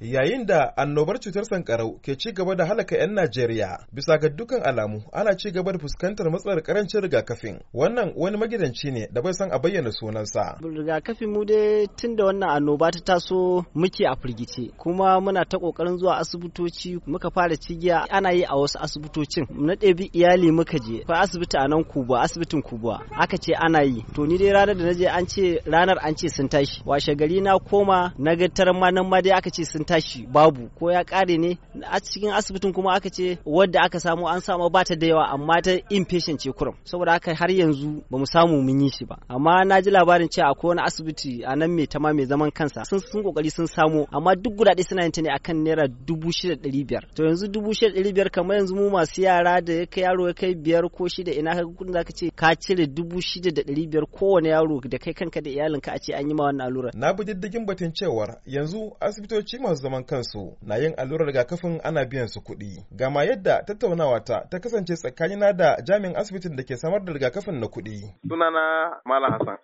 Yayin da annobar cutar sankarau ke ci gaba da halaka 'yan Najeriya, bisa ga dukkan alamu ana ci gaba da fuskantar matsalar karancin rigakafin. Wannan wani magidanci ne da bai san a bayyana sunansa. Rigakafin mu dai tun da wannan annoba ta taso muke a firgice, kuma muna ta kokarin zuwa asibitoci muka fara cigiya ana yi a wasu asibitocin. Na ɗebi iyali muka je, fa asibiti a nan Kuba, asibitin Kuba. Aka ce ana yi. To ni dai ranar da na je an ce ranar an ce sun tashi. Washe gari na koma na ga ma nan ma dai aka ce sun tashi babu ko ya kare ne a cikin asibitin kuma aka ce wadda aka samu an samu ba ta da yawa amma ta inpatient ce kurum saboda haka har yanzu ba mu samu mun yi shi ba amma na ji labarin cewa akwai wani asibiti a nan mai tama mai zaman kansa sun sun kokari sun samu amma duk guda suna yin ta ne akan naira dubu shida ɗari biyar to yanzu dubu shida ɗari biyar kamar yanzu mu masu yara da ya kai yaro ya kai biyar ko shida ina ka kudin zaka ce ka cire dubu shida da ɗari biyar kowane yaro da kai kanka da iyalinka a ce an yi ma wannan allura. na bi diddigin batun cewar yanzu asibitoci masu masu zaman kansu na yin allurar rigakafin ana biyan su kuɗi. Gama yadda tattaunawa ta ta kasance tsakanina da jami'in asibitin da ke samar da rigakafin na kuɗi. Sunana Malam Hassan.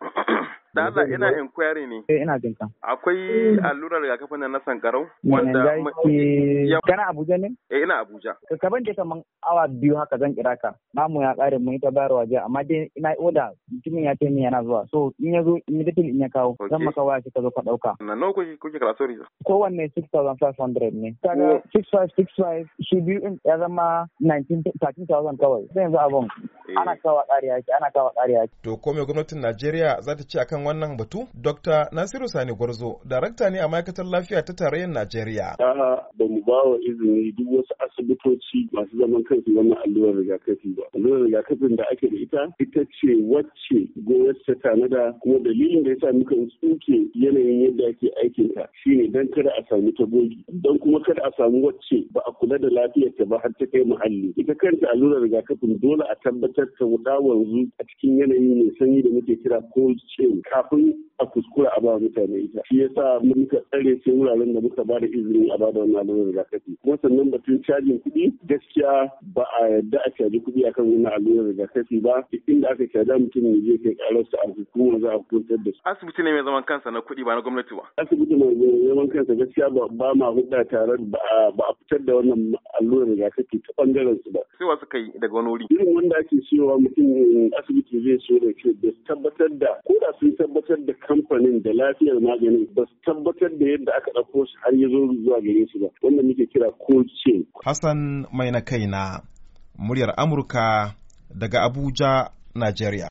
Da Allah ina inquiry ne. Eh ina jin ka. Akwai hmm. allurar rigakafin nan na sankarau wanda kana Abuja ne? Eh ina Abuja. Ka ban da kaman awa biyu haka zan kira ka. Na mu ya kare mun ta bayarwa je amma dai ina oda mutumin ya ce min yana zuwa. So in ya zo immediately in ya kawo zan maka waya ka zo ka dauka. Na no kuke kuke sorry. ne? wanne 6500 ne. Kaga 6565 shi biyu ya zama 19 13000 kawai. Sai yanzu abun ana kawa ƙari ke ana kawa ƙari ke. to ko me gwamnatin Najeriya za ta ce akan wannan batu Dr Nasiru Sani Gwarzo darakta ne a ma'aikatar lafiya ta tarayyar Najeriya a ba mu ba wa izini duk wasu asibitoci masu zaman kansu wannan allurar rigakafi ba allurar rigakafin da ake da ita ita ce wacce gwamnati ta tanada kuma dalilin da yasa muka tsuke yanayin yadda ake aikin ta shine dan kada a samu ta tagogi dan kuma kada a samu wacce ba a kula da lafiyarta ba har ta kai muhalli ita kanta allurar rigakafin dole a tabbatar tattauna wanzu a cikin yanayi mai sanyi da muke kira cold chain kafin a kuskura a ba mutane ita shi yasa muka tsare sai wuraren da muka ba da izinin a ba da wannan allurar rigakafi kuma sannan batun cajin kuɗi gaskiya ba a yadda a caji kuɗi akan wannan allurar rigakafi ba inda aka caja mutum ne zai kai kararsa a hukuma za a hukuntar da su asibiti ne mai zaman kansa na kuɗi ba na gwamnati ba asibiti mai zaman kansa gaskiya ba ma hudda tare ba a fitar da wannan allurar rigakafi ta bangaren su ba sai wasu kai daga wani wuri irin wanda ake cewa mutum asibiti zai so da ke da tabbatar da ko da sun tabbatar da kamfanin da lafiyar maganin ba su tabbatar da yadda aka ɗauko shi har ya zo zuwa gare su ba wanda muke kira cold chain. Hassan mai na kaina muryar Amurka daga Abuja, Najeriya.